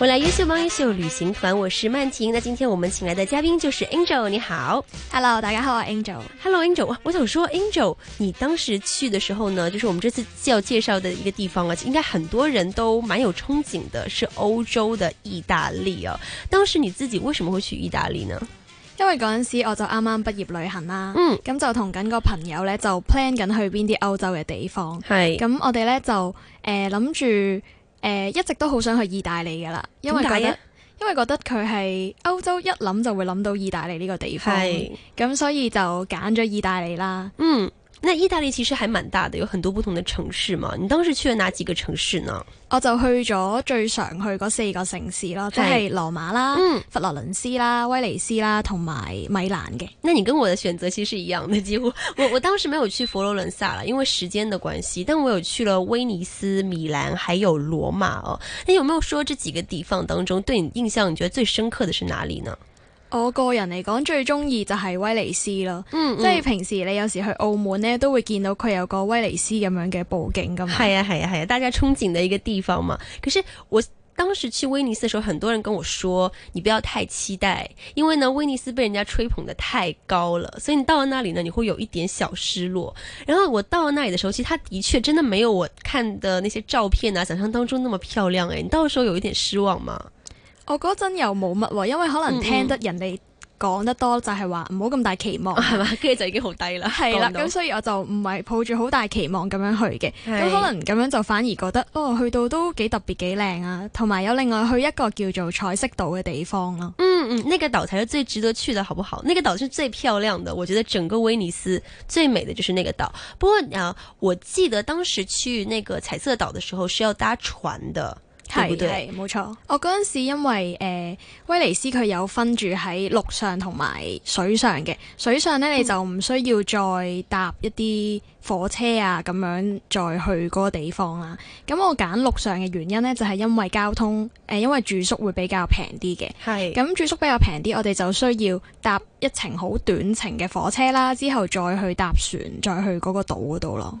歡迎來優秀幫優秀旅行團，我是曼婷。那今天我們請來的嘉賓就是 Angel，你好，Hello，大家好，Angel，Hello，Angel，我係 Angel, 我想說，Angel，你當時去的時候呢，就是我們這次要介紹的一個地方啊，應該很多人都蠻有憧憬的，是歐洲的意大利啊。當時你自己為什麼會去意大利呢？因為嗰陣時我就啱啱畢業旅行啦，嗯，咁、嗯、就同緊個朋友咧就 plan 緊去邊啲歐洲嘅地方，係い，咁、嗯、我哋咧就誒諗住。呃呃，一直都好想去意大利噶啦，因為覺得為因為覺得佢係歐洲一諗就會諗到意大利呢個地方，咁是所以就揀咗意大利啦。嗯。那意大利其實還蠻大的，有很多不同的城市嘛。你當時去了哪幾個城市呢？我就去咗最常去嗰四個城市咯，即係羅馬啦、嗯、佛羅倫斯啦、威尼斯啦，同埋米蘭嘅。那你跟我的選擇其實一樣的，的幾乎我我當時沒有去佛羅倫薩啦， 因為時間的關係，但我有去了威尼斯、米蘭，還有羅馬哦。你有沒有說這幾個地方當中，對你印象你覺得最深刻的是哪裡呢？我個人嚟講，最中意就係威尼斯咯。即係嗯嗯平時你有時去澳門呢，都會見到佢有個威尼斯咁樣嘅布景咁。係啊係啊係啊，大家憧憬的一個地方嘛。可是我當時去威尼斯嘅時候，很多人跟我說你不要太期待，因為呢威尼斯被人家吹捧得太高了，所以你到了那裡呢你會有一點小失落。然後我到了那裡的時候，其實他的確真的沒有我看的那些照片啊，想象當中那麼漂亮誒、欸，你到時候有一點失望嘛？我嗰陣又冇乜喎，因為可能聽得人哋講得多，嗯嗯就係話唔好咁大期望，係嘛、嗯嗯？跟住就已經好低啦。係啦， 咁所以我就唔係抱住好大期望咁樣去嘅。咁是可能咁樣就反而覺得哦，去到都幾特別、幾靚啊！同埋有另外去一個叫做彩色島嘅地方啦、啊。嗯嗯，那個島才是最值得去的，好不好？呢、那個島是最漂亮的，我覺得整個威尼斯最美嘅，就是那個島。不過啊，我記得當時去那個彩色島嘅時候是要搭船的。係係冇錯，錯，我嗰陣時因為誒、呃、威尼斯佢有分住喺陸上同埋水上嘅，水上咧你就唔需要再搭一啲火車啊咁樣再去嗰個地方啦。咁我揀陸上嘅原因咧就係、是、因為交通誒、呃，因為住宿會比較平啲嘅。係咁是住宿比較平啲，我哋就需要搭一程好短程嘅火車啦，之後再去搭船，再去嗰個島嗰度咯。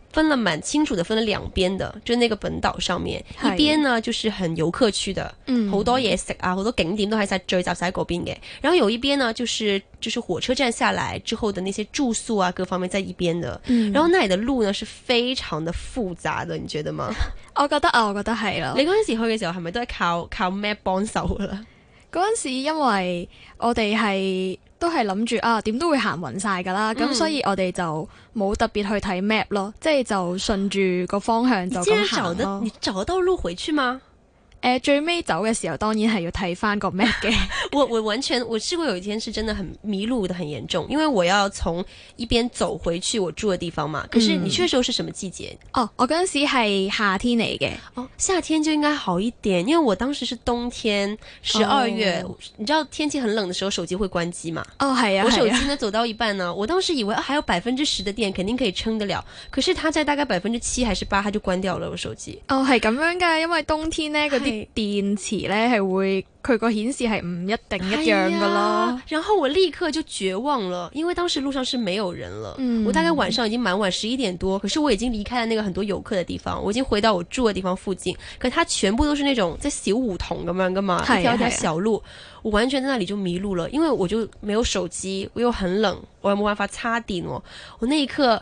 分得蠻清楚的，分得兩邊的，就係、是、那個本島上面，的一邊呢就是很遊客區的，嗯，好多嘢食啊，好多景點都喺晒聚集晒嗰邊嘅。然後有一邊呢，就是就是火車站下來之後的那些住宿啊，各方面在一邊的。嗯、然後那裏的路呢，是非常的複雜的，你覺得嗎？我覺得啊，我覺得係咯、啊。你嗰陣時去嘅時候是是是，係咪都係靠靠咩幫手噶啦？嗰陣時，因為我哋係都係諗住啊，點都會行勻晒㗎啦，咁、嗯、所以我哋就冇特別去睇 map 咯，即、就、係、是、就順住個方向就咁行咯。你找得，你找得到路回去嗎？誒，最尾走嘅時候，當然係要睇翻個 map 嘅。 我我完全我試過有一天是真的很迷路的，很嚴重，因為我要從一邊走回去我住嘅地方嘛。可是你去嘅時候是什麼季節？嗯、哦，我嗰陣時係夏天嚟嘅，哦，夏天就應該好一點，因為我當時是冬天十二月，哦，你知道天氣很冷的時候，手機會關機嘛。哦，係啊，我手機呢、啊、走到一半呢，我當時以為還有百分之十的電，肯定可以撐得了，可是它在大概百分之七還是八，它就關掉了我手機。哦，係咁樣噶，因為冬天呢電池呢，係會佢個顯示係唔一定一樣噶咯、啊，然後我立刻就絕望了，因為當時路上是沒有人了，嗯、我大概晚上已經蠻晚十一點多，可是我已經離開了那個很多遊客的地方，我已經回到我住的地方附近，可它全部都是那種在小胡同咁樣噶嘛，啊、一條條小路，啊、我完全在那裡就迷路了，因為我就沒有手機，我又很冷，我冇辦法插電哦，我那一刻。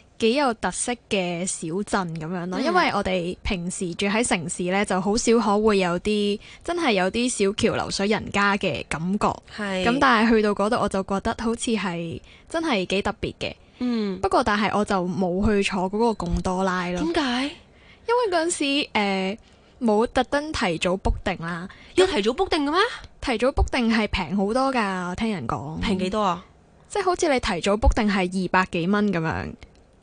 幾有特色嘅小鎮咁樣咯，因為我哋平時住喺城市呢，嗯、就好少可會有啲真係有啲小橋流水人家嘅感覺。係咁是，但係去到嗰度，我就覺得好似係真係幾特別嘅。嗯，不過但係我就冇去坐嗰個貢多拉咯。點解、呃？因為嗰陣時誒冇特登提早 book 定啦。要提早 book 定嘅咩？提早 book 定係平好多噶，我聽人講，平幾多啊、嗯？即係好似你提早 book 定係二百幾蚊咁樣。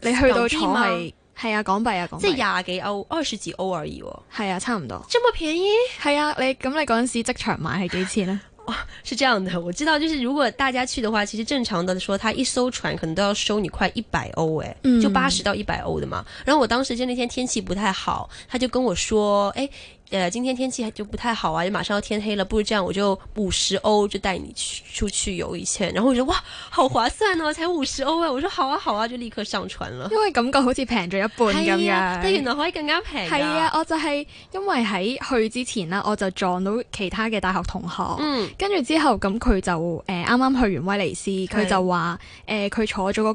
你去到坐係係啊港幣啊港幣、啊，即係廿幾歐，二十幾歐而已、啊。係啊，差唔多。咁咪便宜？係啊，你咁你嗰陣時即場買係幾錢呢？哦、啊，是這樣的，我知道，就是如果大家去的話，其實正常的說，他一艘船可能都要收你快一百歐，誒，就八十到一百歐的嘛。嗯、然後我當時就那天天氣不太好，他就跟我說，誒、欸。誒，今天天氣就不太好啊，又馬上要天黑了，不如這樣，我就五十歐就帶你出去遊一圈。然後我就話哇，好划算啊，才五十歐啊！我說好啊好啊，就立刻上船咯。因為感覺好似平咗一半咁樣，啊，但原來可以更加平。係啊，我就係因為喺去之前啦，我就撞到其他嘅大學同學，嗯，跟住之後咁佢就誒啱啱去完威尼斯，佢是就話誒佢坐咗嗰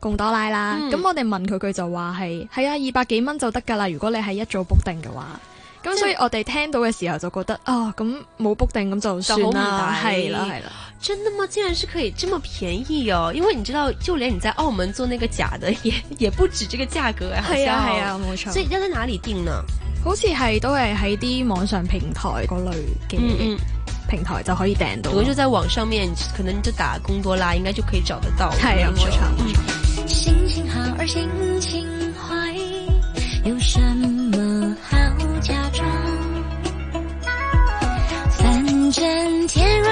個貢多拉啦，咁、嗯、我哋問佢，佢就話係係啊，二百幾蚊就得噶啦，如果你係一早 book 定嘅話。咁所以我哋聽到嘅時候就覺得啊，咁冇 book 定咁就算啦，係啦係啦，真的嗎？竟然是可以這麼便宜哦，因為你知道，就連你在澳門做那個假的，也也不止這個價格啊！係啊係啊，冇錯，所以要喺哪裏訂呢？好似係都係喺啲網上平台嗰類嘅平台就可以訂到。如果就在網上面可能就打工多啦，應該就可以找得到。係啊，冇錯。心情好而心情壞，有什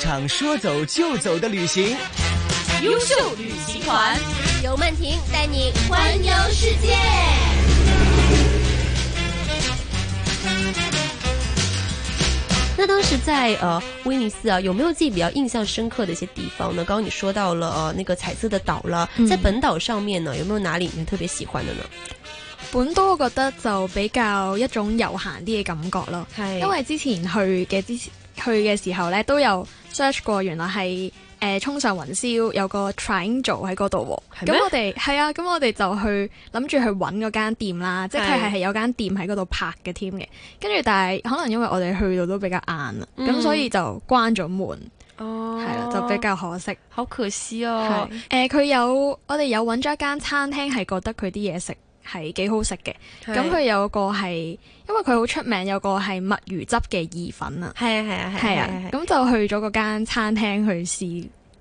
場說走就走的旅行，優秀旅行團游曼婷帶你環遊世界。那當時在呃威尼斯啊，有沒有自己比較印象深刻的一些地方呢？剛剛你說到了、呃、那個彩色的島了，嗯、在本島上面呢，有沒有哪裡你特別喜歡的呢？本島我覺得就比較一種悠閒啲嘅感覺咯，係是因為之前去嘅之去嘅時候咧，都有。Search 過原來係誒衝上雲霄有個 triangle 喺嗰度喎，咁嗎我哋係啊，咁我哋就去諗住去揾嗰間店啦，的即係佢係係有間店喺嗰度拍嘅添嘅，跟住但係可能因為我哋去到都比較晏啦，咁、嗯、所以就關咗門，係啦、哦，就比較可惜，好可惜哦。誒，佢、呃、有我哋有揾咗一間餐廳，係覺得佢啲嘢食，係幾好食嘅，咁佢係、啊、有個係，因為佢好出名，有個係墨魚汁嘅意粉啊，係啊係啊係啊，咁、啊啊啊、就去咗嗰間餐廳去試。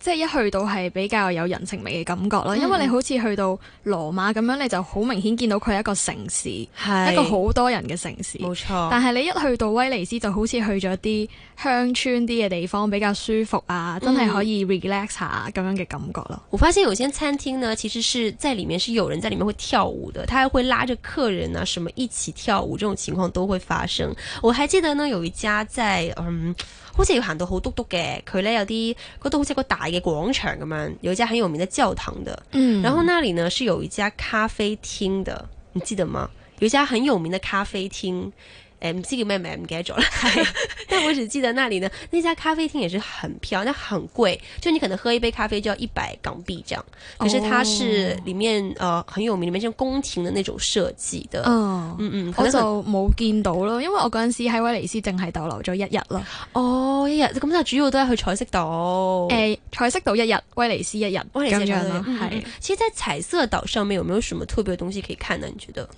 即係一去到係比較有人情味嘅感覺咯，因為你好似去到羅馬咁樣，你就好明顯見到佢係一個城市，是一個好多人嘅城市。冇錯錯。但係你一去到威尼斯，就好似去咗啲鄉村啲嘅地方，比較舒服啊，真係可以 relax 一下咁樣嘅感覺咯。嗯，我發現有些餐廳呢，其實是在裏面是有人在裏面會跳舞的，他還會拉着客人啊，什麼一起跳舞，這種情況都會發生。我還記得呢，有一家在嗯。好似要行到好篤篤嘅，佢咧有啲嗰度好似一個大嘅廣場咁樣，有一家很有名嘅教堂嘅。嗯，然後那裏呢，係，有一家咖啡廳的，你記得嗎？有一家很有名嘅咖啡廳。唔知叫咩名，唔記得咗啦是 但我只記得那裏呢，呢家咖啡廳也是很漂亮，但係很貴，就你可能喝一杯咖啡就要一百港幣這樣。可、哦、是它是裏面，呃，很有名，裏面像宮廷的那種設計的。嗯、哦、嗯嗯，我就冇見到咯，因為我嗰陣時喺威尼斯淨係逗留咗一日咯。哦，一日咁就主要都係去彩色島。誒、欸，彩色島一日，威尼斯一日咁樣咯，係、嗯嗯。咁是其實在彩色島上面有沒有什麼特別嘅東西可以看呢？你覺得？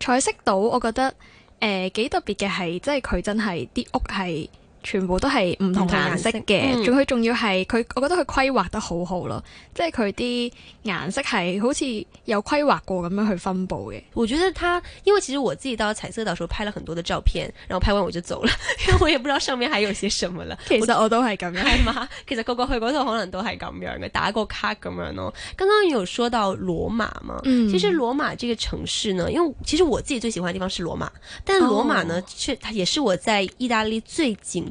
彩色島我覺得。誒幾特別嘅係，即係佢真係啲屋係。全部都係唔同嘅顏色嘅，仲佢仲要係佢，我覺得佢規劃得好好咯，即係佢啲顏色係好似有規劃過咁樣去分佈嘅。我覺得佢，因為其實我自己到彩色島嗰時候拍了很多的照片，然後拍完我就走了，因為我也不知道上面還有些什麼啦。 其實我都係咁樣，係嘛？其實個個去嗰度可能都係咁樣嘅，打個卡咁樣咯，哦。剛剛有說到羅馬嘛，嗯、其實羅馬這個城市呢，因為其實我自己最喜歡嘅地方是羅馬，但羅馬呢，卻也是我在意大利最景。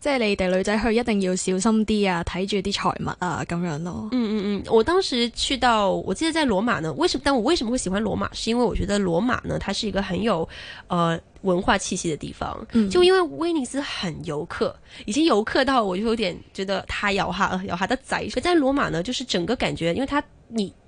即係你哋女仔去一定要小心啲啊，睇住啲財物啊咁樣咯。嗯嗯嗯，我當時去到，我記得在羅馬呢。為什麼？但我為什麼會喜歡羅馬？是因為我覺得羅馬呢，它是一個很有，呃，文化氣息的地方。嗯，就因為威尼斯很遊客，已經遊客到我就有點覺得太咬下咬下得仔。窄。但在羅馬呢，就是整個感覺，因為它你。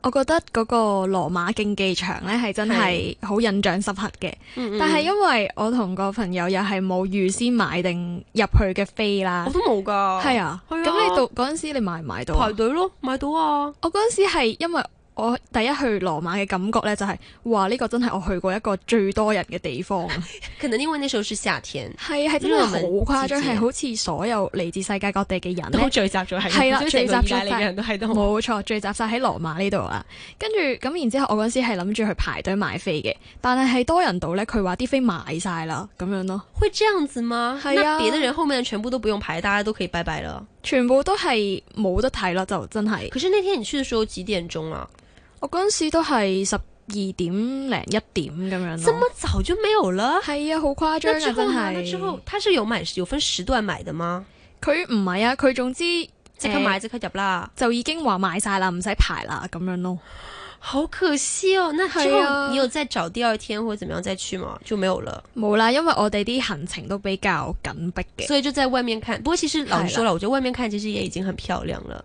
我覺得嗰個羅馬競技場咧係真係好印象深刻嘅，是嗯嗯，但係因為我同個朋友又係冇預先買定入去嘅飛啦，我都冇㗎，係啊，咁是、啊、你到嗰陣時你買唔買到？排隊咯，買到啊！我嗰陣時係因為。我第一去羅馬嘅感覺呢、就是，就係哇！呢、這個真係我去過一個最多人嘅地方。 可能因為那時候是夏天，係係真係好誇張，係、啊、好似所有嚟自世界各地嘅人，啦人都聚集咗喺，係啦，聚集曬嚟嘅人都喺度。冇錯，聚集晒喺羅馬呢度啦。跟住咁然之後，我嗰陣時係諗住去排隊買飛嘅，但係係多人到呢，佢話啲飛賣晒啦咁樣咯。會這樣子嗎？係啊，別的人後面全部都不用排，大家都可以拜拜啦。全部都係冇得睇啦，就真係。可是那天你去嘅時候幾點鐘啊？我嗰陣時都係十二點零一點咁樣，咁早就沒有啦。係啊，好誇張啊！真係，之後他是有賣，有分時段係賣嗎？佢唔係啊，佢總之、哎、即刻買即刻入啦，就已經話買晒啦，唔使排啦咁樣咯。好可惜哦！那之後是、啊、你有再找第二天或者點樣再去嗎？就沒有了，冇啦，因為我哋啲行程都比較緊迫嘅，所以就在外面看。不過其實老實說了，啦我覺得外面看其實也已經很漂亮了。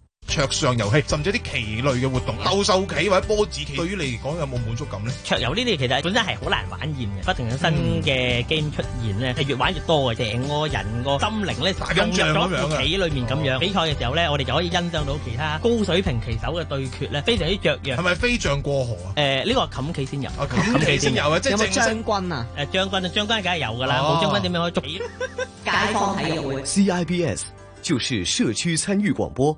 桌上遊戲甚至一啲棋類嘅活動，鬥獸棋或者波子棋，對於你嚟講有冇滿足感咧？桌遊呢啲其實本身係好難玩厭嘅，不停有新嘅 game 出現咧，係越玩越多嘅啫。我人個心靈咧，用咗喺棋裏面咁樣比賽嘅時候咧，我哋就可以欣賞到其他高水平棋手嘅對決咧，非常之雀躍。係咪飛象過河啊？誒，呢個冚棋先有，冚棋先有啊！即係有冇將軍啊？誒，將軍啊，將軍梗係有噶啦，冇將軍點樣可以捉解放體育會？C I B S 就是社區參與廣播。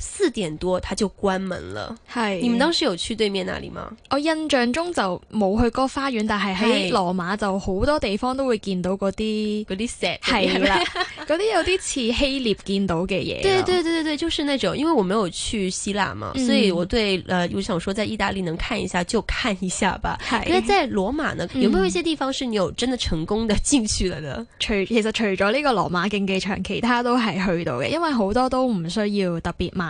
四點多，他就關門了。係是，你們當時有去對面那裡嗎？我印象中就冇去過花園，但係喺羅馬就好多地方都會見到嗰啲啲石係啦，嗰啲有啲似希臘見到嘅嘢。對對對對對，就是那種，因為我沒有去希臘嘛，嗯、所以我對，呃，我想說在意大利能看一下就看一下吧。因為在羅馬呢，有沒有一些地方是你有真的成功的進去了呢？嗯、除其實除咗呢個羅馬競技場，其他都係去到嘅，因為好多都唔需要特別慢。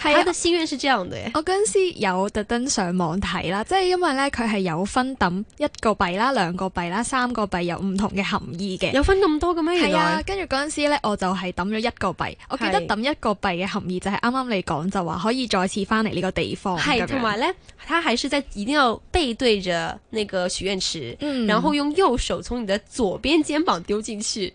係啊，個 心願是這樣的。 我嗰陣時有特登上網睇啦，即係因為呢，佢係有分抌一個幣啦、兩個幣啦、三個幣有唔同嘅含義嘅。有分咁多嘅咩？原來。係 啊，跟住嗰陣時呢，我就係抌咗一個幣。我記得抌一個幣嘅含義就係啱啱你講就話可以再次翻嚟呢個地方。係，同埋呢，他還是在一定要背對着那個許願池，嗯、然後用右手從你的左邊肩膀丟進去。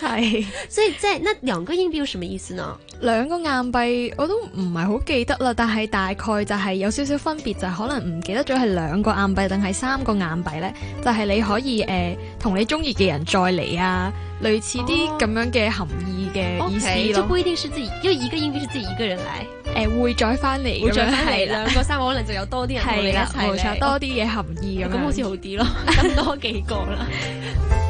係，是所以即係那兩個硬幣有什麼意思呢？兩個硬幣我都唔係好記得啦，但係大概就係有少少分別就是，可能唔記得咗係兩個硬幣定係三個硬幣咧？就係、是、你可以誒同、呃、你中意嘅人再嚟啊，類似啲咁、哦、樣嘅含義嘅意思咯。哦，okay, 就不一定是自己，因爲一個硬幣是自己一個人嚟。誒、呃，會再翻嚟，會再翻嚟，兩 個三個可能就有多啲人嚟 是一齊，多啲嘢含義咁、哦、這樣 好似好啲咯，咁 多幾個啦。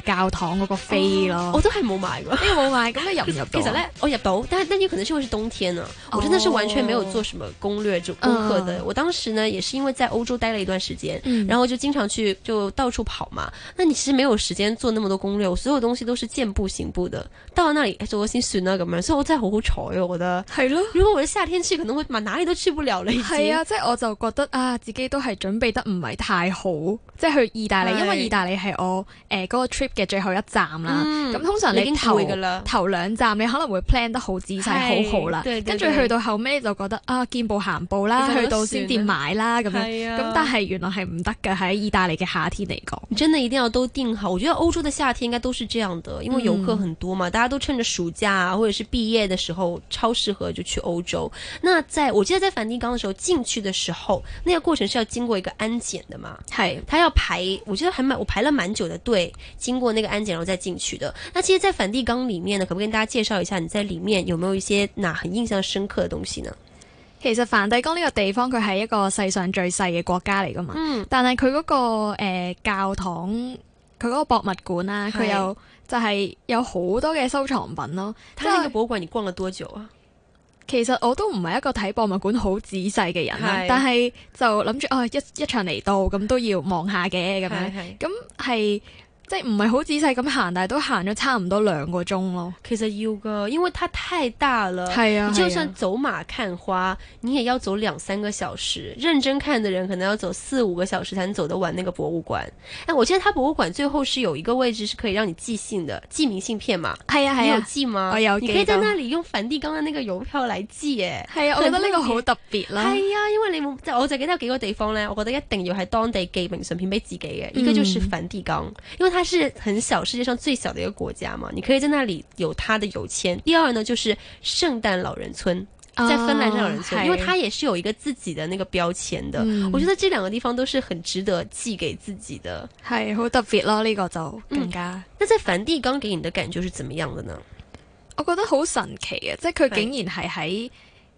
教堂嗰個飛咯，oh, 我都係冇買，都冇買，咁咪入唔入？其實咧，我入到，但係但你可能是因為是冬天啊，oh, 我真的是完全沒有做什麼攻略做功課的。Uh, 我當時呢，也是因為在歐洲待了一段時間，然後就經常去就到處跑嘛。那、嗯、你其實沒有時間做那麼多攻略，我所有東西都是見步行步的。到了那裏，哎，我先算啦咁樣，所以我真係好好彩。我覺得係咯，啦如果我是夏天去，可能會問哪裏都去不了了。已係啊，即、就、係、是、我就覺得啊，自己都係準備得唔係太好，即係去意大利，是因為意大利係我誒、呃那個 trip。嘅最後一站啦，咁、嗯、通常你投嘅啦，頭兩站你可能會 plan 得好仔細，是很好好啦，對對對，跟住去到後尾就覺得啊，見步行步啦，應該去到先跌買啦咁咁、啊、但係原來係唔得嘅，喺意大利嘅夏天嚟講，真係一定要都定好。我覺得歐洲的夏天應該都是這樣的，因為遊客很多嘛，嗯、大家都趁着暑假、啊、或者是畢業的時候超適合就去歐洲。那在我記得在梵蒂岡嘅時候，進去嘅時候，那個過程是要經過一個安檢的嘛，係是，他要排，我記得係我排了滿久的隊，經經過那個安檢然後再進去的。那其實，在梵蒂岡裏面呢，可唔可以跟大家介紹一下你在裏面有沒有一些哪很印象深刻的東西呢？其實梵蒂岡呢個地方佢係一個世上最細嘅國家嚟噶嘛，嗯、但係佢嗰個誒、呃、教堂，佢嗰個博物館啦、啊，佢的有就係、是、有好多嘅收藏品咯。咁、就是、個博物館你逛了多久啊？其實我都唔係一個睇博物館好仔細嘅人啦是的但係就諗住哦一一場嚟到咁都要望下嘅咁樣，咁係的。的即係唔係好仔細咁行，但係都行咗差唔多兩個鐘咯。其實要噶，因為它太大了。係啊，啊你就算走馬看花，你也要走兩三個小時。認真看的人，可能要走四五個小時，才能走得完那個博物館。誒，我記得它博物館最後是有一個位置，是可以讓你寄信的，寄明信片嘛。係啊，係、啊、你有寄嗎？我有。你可以在那裏用梵蒂岡嘅那個郵票來寄。誒，係啊，我覺得呢個好特別啦。係啊，因為你即我就記得有幾個地方咧，我覺得一定要喺當地寄明信片俾自己嘅。一、嗯、個就是梵蒂岡，因為。它是很小，世界上最小的一個國家嘛？你可以在那裏有它的郵簽。第二呢，就是聖誕老人村，在芬蘭老人村，oh, 因為它也是有一個自己的那個標籤的。是我覺得這兩個地方都是很值得寄給自己的。係好、嗯、特別咯呢、呢個就，更加、嗯。那在梵蒂岡給你的感覺是怎麼樣的呢？我覺得好神奇啊！即係佢竟然係喺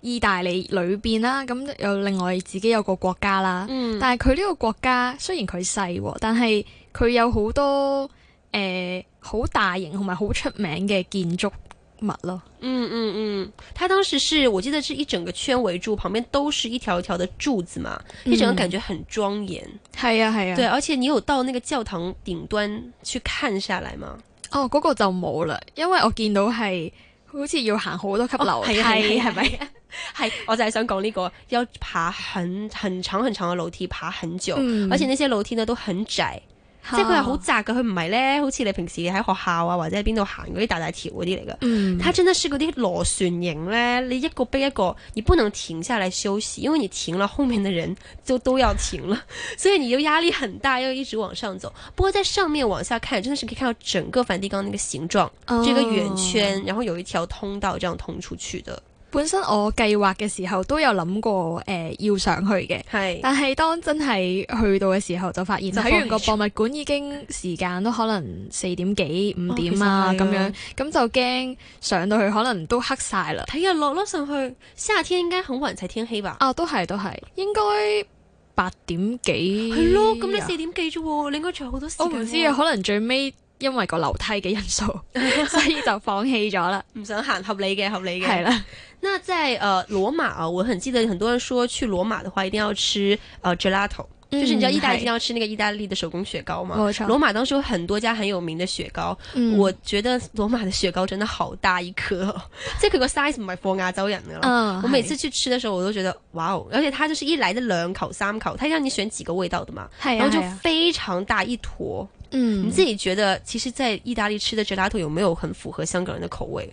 意大利裏邊啦、啊，咁是有另外自己有個國家啦。嗯、但係佢呢個國家雖然佢細、哦，但係。佢有好多誒好、呃、大型同埋好出名嘅建築物咯。嗯嗯嗯，它當時是我記得，係一整個圈圍住，旁邊都是一條條的柱子嘛，嗯、一整個感覺很莊嚴。係啊係啊，啊對，而且你有到那個教堂頂端去看下來嗎？哦，嗰、那個就冇啦，因為我見到係好似要行好多級樓梯，係係係咪啊？係、啊 啊， 我就係想講呢、這個要爬很，很長、很長的樓梯，爬很久，嗯、而且那些樓梯呢都很窄。即係佢係好窄嘅，佢唔係咧，好似你平時喺學校啊或者喺邊度行嗰啲大大條嗰啲嚟㗎。嗯，佢真的是嗰啲螺旋形咧，你一個逼一個，你不能停下來休息，因為你停了，後面的人就都要停了， 所以你就壓力很大，要一直往上走。不過在上面往下看，真的是可以看到整個梵蒂岡那個形狀，oh. 這個圓圈，然後有一條通道這樣通出去的。本身我計劃嘅時候都有諗過誒、呃、要上去嘅，是但係當真係去到嘅時候就發現睇完個博物館已經時間都可能四點幾五點啦，啊。咁、哦啊、樣，咁就驚上到去可能都黑晒啦。睇日落咯上去，夏天應該好多人天氣吧？啊，都係都係，應該八點幾，啊。係咯，咁你四點幾啫喎，你應該仲有好多時間，啊。我唔知啊，可能最尾。因為個樓梯嘅因素，所以就放棄咗啦，唔想行。合理嘅，合理嘅。係啦，那在係誒羅馬啊，我很記得很多人說去羅馬的話一定要吃呃 gelato，就是你知道意大利一定要吃那個意大利的手工雪糕嘛。羅馬當時有很多家很有名的雪糕，我覺得羅馬的雪糕真的好大一顆，即係佢個 size 唔係 for 亞洲人嘅咯。我每次去吃的時候我都覺得哇哦，而且它就是一來就兩口、三口，佢讓你選幾個味道嘅嘛，然後就非常大一坨。嗯，知你自己覺得其實喺意大利吃的最拉 l a 有沒有很符合香港人的口味？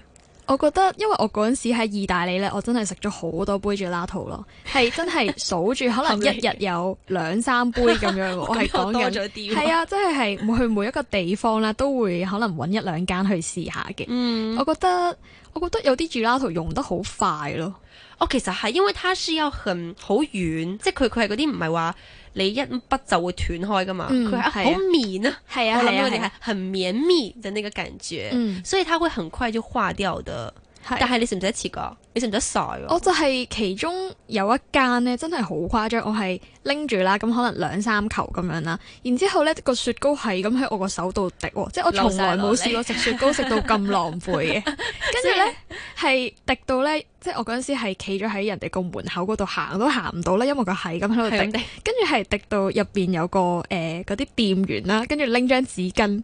我覺得，因為我嗰陣時喺意大利咧，我真係食咗好多杯最拉 l a t 咯，係 真係數住可能一日有兩三杯咁樣。 我係講緊係啊，真係係去每一個地方啦，都會可能搵一兩間去試下嘅。嗯我，我覺得我覺得有啲最拉 l 用得好快咯。我、oh，其實係因為它需要嗯好軟，即係佢佢係嗰啲唔係話。你一筆就會斷開噶嘛，佢好綿啊，係啊，係啊，很綿密嘅那個感覺，啊啊啊、所以它會很快就化掉的。是但係你食唔食得切㗎？你食唔食得晒喎。我就係其中有一間咧，真係好誇張，我係拎住啦，咁可能兩三球咁樣啦。然之後咧個雪糕係咁喺我個手度滴喎，即係我從來冇試過食雪糕食到咁浪費嘅。跟住咧係滴到咧，即係我嗰陣時係企咗喺人哋個門口嗰度行都行唔到啦，因為佢係咁喺度滴。跟住係滴到入邊有個誒嗰啲店員啦，跟住拎張紙巾。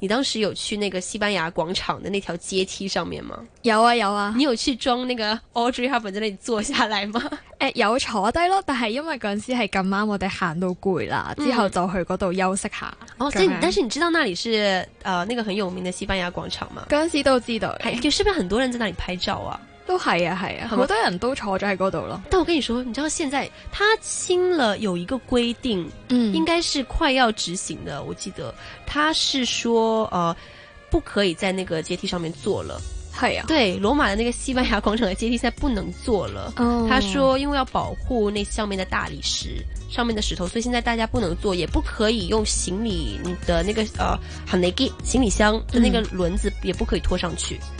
你當時有去那個西班牙廣場的那條階梯上面嗎？有啊，有啊！有啊，你有去裝那個 Audrey Hepburn 在那裏坐下來嗎？誒、呃，有坐低咯，但係因為嗰陣時係咁啱我哋行到攰啦，之後就去嗰度休息下、嗯。哦，所以樣但是你知道那裏是呃那個很有名的西班牙廣場嗎？嗰陣時都知道，就、嗯、是，是不是很多人在那裏拍照啊？都係啊，啊，係啊嗎，好多人都坐咗喺嗰度咯。但我跟你說，你知道現在他清了有一個規定，嗯，應該是快要執行的。我記得他是說，呃，不可以在那個階梯上面坐了。係啊，對，羅馬的那個西班牙廣場的階梯，現在不能坐了。哦，他說，因為要保護那上面的大理石、上面的石頭，所以現在大家不能坐，也不可以用行李你的那個呃，行李箱的那個輪子，也不可以拖上去。嗯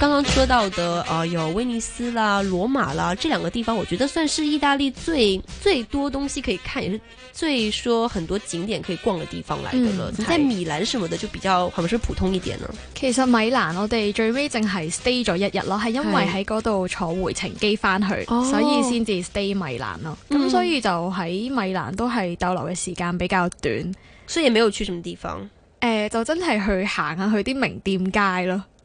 剛剛說到的、呃，有威尼斯啦、羅馬啦這兩個地方，我覺得算是意大利最最多東西可以看，也是最說很多景點可以逛的地方嚟嘅咯。但係、嗯、米蘭什麼的就比較，可能、嗯、是，是普通一點呢。其實米蘭我哋最尾淨係 stay 咗一日咯，係因為喺嗰度坐回程機翻去，是所以先至 stay 米蘭咯。咁、嗯、所以就喺米蘭都係逗留嘅時間比較短，雖然沒有去什麼地方，呃、就真係去行下去啲名店街咯。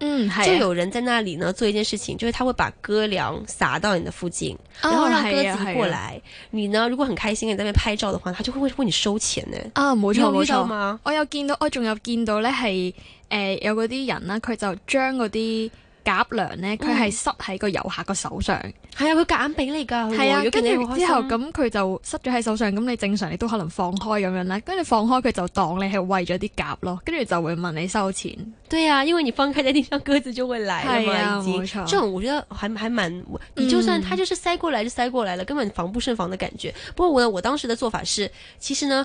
嗯，就有人在那裏呢、啊、做一件事情，就是他會把鴿糧撒到你的附近，哦、然後讓鴿子過來。啊啊啊、你呢，如果很開心你在那邊拍照的話，他就會為你收錢呢。啊，沒錯沒錯，有我有見到，我仲有見到咧，係、呃、誒有嗰啲人啦、啊，佢就將嗰啲。夾糧咧，佢係塞喺個遊客個手上。係、嗯、啊，佢夾硬俾你噶。係啊，跟住之後咁，佢就塞咗喺手上。咁你正常你都可能放開咁樣啦。跟住放開佢就當你係餵咗啲夾咯。跟住就會問你收錢。對啊，因為你放開咗啲地雙鴿子就會嚟啊係啊，冇嗎機錯。這種我覺得還還蠻，你、嗯、就算他就是塞過來就塞過來了，根本防不勝防的感覺。不過我我當時的做法是，其實呢。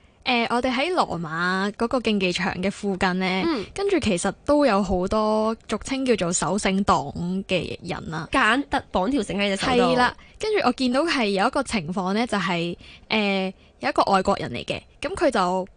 誒、呃，我哋喺羅馬嗰個競技場嘅附近呢，嗯、跟住其實都有好多俗稱叫做手繩黨嘅人啦、啊，夾硬得綁條繩喺度。係啦，跟住我見到係有一個情況呢、就是，就係誒有一個外國人嚟嘅，咁佢就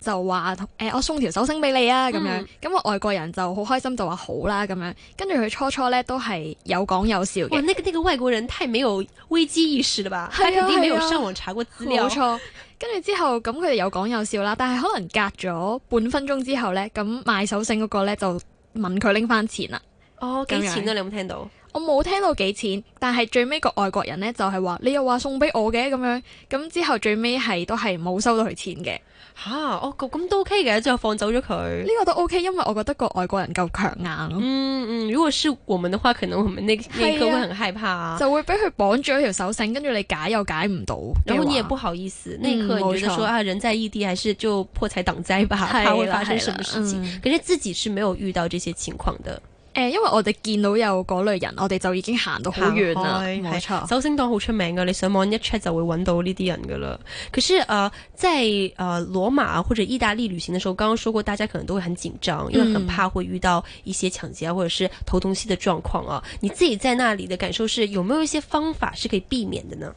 就話誒、呃、我送條手繩俾你啊咁樣，咁個、嗯、外國人就好開心就話好啦咁樣，跟住佢初初呢都係有講有笑嘅。呢、呢個呢個外國人太沒有危機意識了吧？啊啊、他肯定沒有上網查過資料。冇錯。跟住之後，咁佢哋有講有笑啦。但係可能隔咗半分鐘之後呢，咁賣手信嗰個呢，就問佢拎翻錢啦。哦、oh, okay. 噉樣，幾錢啊？你有冇聽到？.我冇聽到幾錢，但係最尾個外國人咧就係、是、話你又話送俾我嘅咁樣，咁之後最尾係都係冇收到佢錢嘅。吓，哦，咁都 OK 嘅，之後放走咗佢。呢個都 OK，因為我覺得個外國人夠強硬咯。嗯嗯，如果是我們嘅話，可能你你可能會很害怕、啊啊，就會俾佢綁住了一條手繩，跟住你解又解唔到，然後你也不好意思。那一刻你覺得說啊，嗯、人在異地，還是就破財擋災吧，怕啦會發生什麼事情。其實、嗯、自己是沒有遇到這些情況的。欸、因為我哋見到有嗰類人，我哋就已經行到好遠啦。冇錯開，手錯星黨好出名噶你上網一 check 就會揾到呢啲人噶啦可是誒、呃，在誒羅、呃、馬或者意大利旅行嘅時候，剛剛說過，大家可能都會很緊張，因為很怕會遇到一些搶劫啊，或者是偷東西嘅狀況啊。嗯、你自己在那裡嘅感受是，有沒有一些方法是可以避免的呢？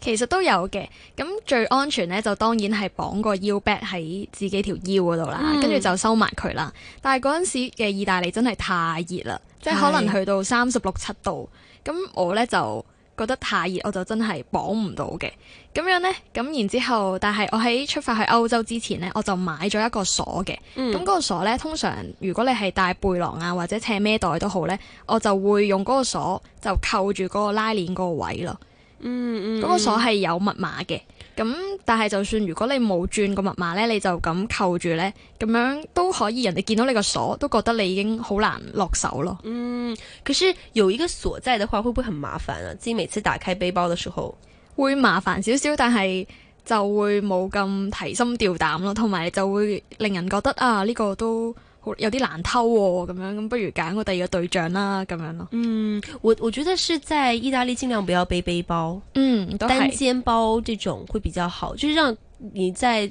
其實都有嘅，咁最安全呢，就當然係綁個腰 back 喺自己條腰嗰度啦，跟住、mm. 就收埋佢啦。但係嗰陣時嘅意大利真係太熱啦，是即係可能去到三十六七度，咁我呢，就覺得太熱，我就真係綁唔到嘅。咁樣呢，咁然之後，但係我喺出發去歐洲之前呢，我就買咗一個鎖嘅。咁嗰、mm. 個鎖呢，通常如果你係帶背囊啊或者斜孭袋都好呢，我就會用嗰個鎖就扣住嗰個拉鏈嗰個位咯。嗯，嗰、嗯、個鎖係有密碼嘅，咁但係就算如果你冇轉個密碼咧，你就咁扣住呢，咁樣都可以人哋見到你個鎖，都覺得你已經好難落手咯。嗯，可是有一個鎖在的話，會唔會很麻煩啊？自己每次打開背包的時候會麻煩少少，但係就會冇咁提心吊膽咯，同埋就會令人覺得啊呢、這個都。有啲難偷咁樣，咁不如揀個第二個對象啦，咁樣咯。嗯，我我覺得是在意大利盡量不要背背包，嗯，是單肩包這種會比較好，就是讓你在。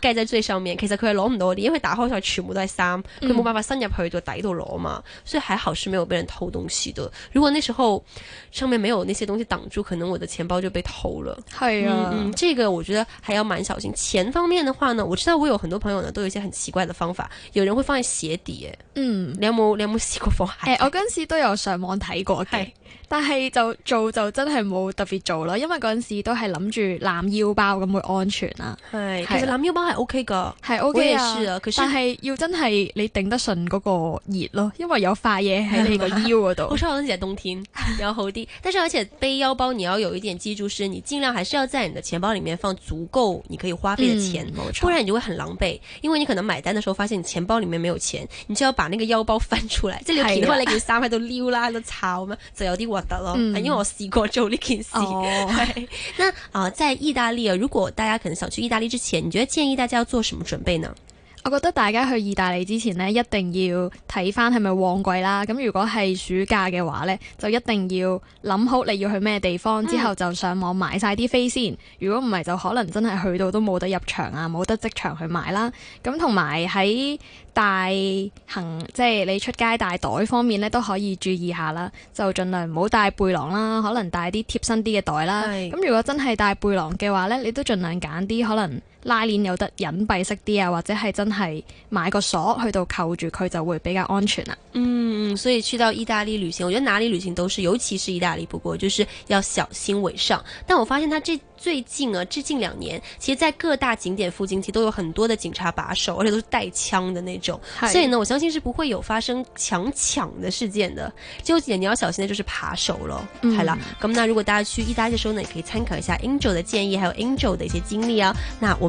蓋在最上面，其實佢係攞唔到啲，因為打開時全部都係衫，佢冇辦法伸入去到、嗯、底度攞嘛，所以還好是沒有被人偷東西的。如果那時候上面沒有那些東西擋住，可能我的錢包就被偷了。係啊嗯，嗯，這個我覺得還要蠻小心。錢方面的話呢，我知道我有很多朋友呢都有一些很奇怪的方法，有人會放喺鞋底嗯你有有，你有冇你有冇試過放鞋？欸、我嗰陣時都有上網睇過嘅，是但係就做就真係冇特別做啦，因為嗰陣時都係諗住攬腰包咁會安全係、啊，其實包係 O K 噶係 O K 啊，但係要真係你頂得順嗰個熱咯，因為有塊嘢喺你個腰嗰度。好彩嗰陣時係冬天，然後好啲。但是而且背腰包你要有一點記住，是，你盡量還是要在你的錢包裏面放足夠你可以花費嘅錢，不然你就會很狼狽，因為你可能買單的時候發現你錢包裏面沒有錢，你就要把那個腰包翻出來。即係你話你件衫喺度撩啦，喺度炒咩？就有啲核突咯。因為我試過做呢件事。哦，係。那啊，在意大利啊，如果大家可能想去意大利之前，你覺得建議大家要做咩準備呢？我覺得大家去意大利之前呢，一定要睇翻係咪旺季啦。咁如果係暑假嘅話呢，就一定要諗好你要去咩地方，之後就上網買晒啲飛先。如果唔係，就可能真係去到都冇得入場啊，冇得即場去買啦。咁同埋喺帶行，即係你出街帶袋方面呢，都可以注意下啦。就盡量唔好帶背囊啦，可能帶啲貼身啲嘅袋啦。咁，嗯，如果真係帶背囊嘅話呢，你都盡量揀啲可能。拉鏈有得隱蔽式啲啊，或者係真係買個鎖去到扣住佢就會比較安全啦。嗯，所以去到意大利旅行，我覺得哪裡旅行都是，尤其是意大利，不過就是要小心為上。但我發現他最最近啊，最近兩年其實在各大景點附近，其實都有很多的警察把守，而且都是帶槍的那種。是所以呢，我相信是不會有發生強搶的事件的。就姐，你要小心的就是扒手咯。嗯。係啦，咁那如果大家去意大利嘅時候呢，可以參考一下 Angel 的建議，還有 Angel 的一些經歷啊。那我。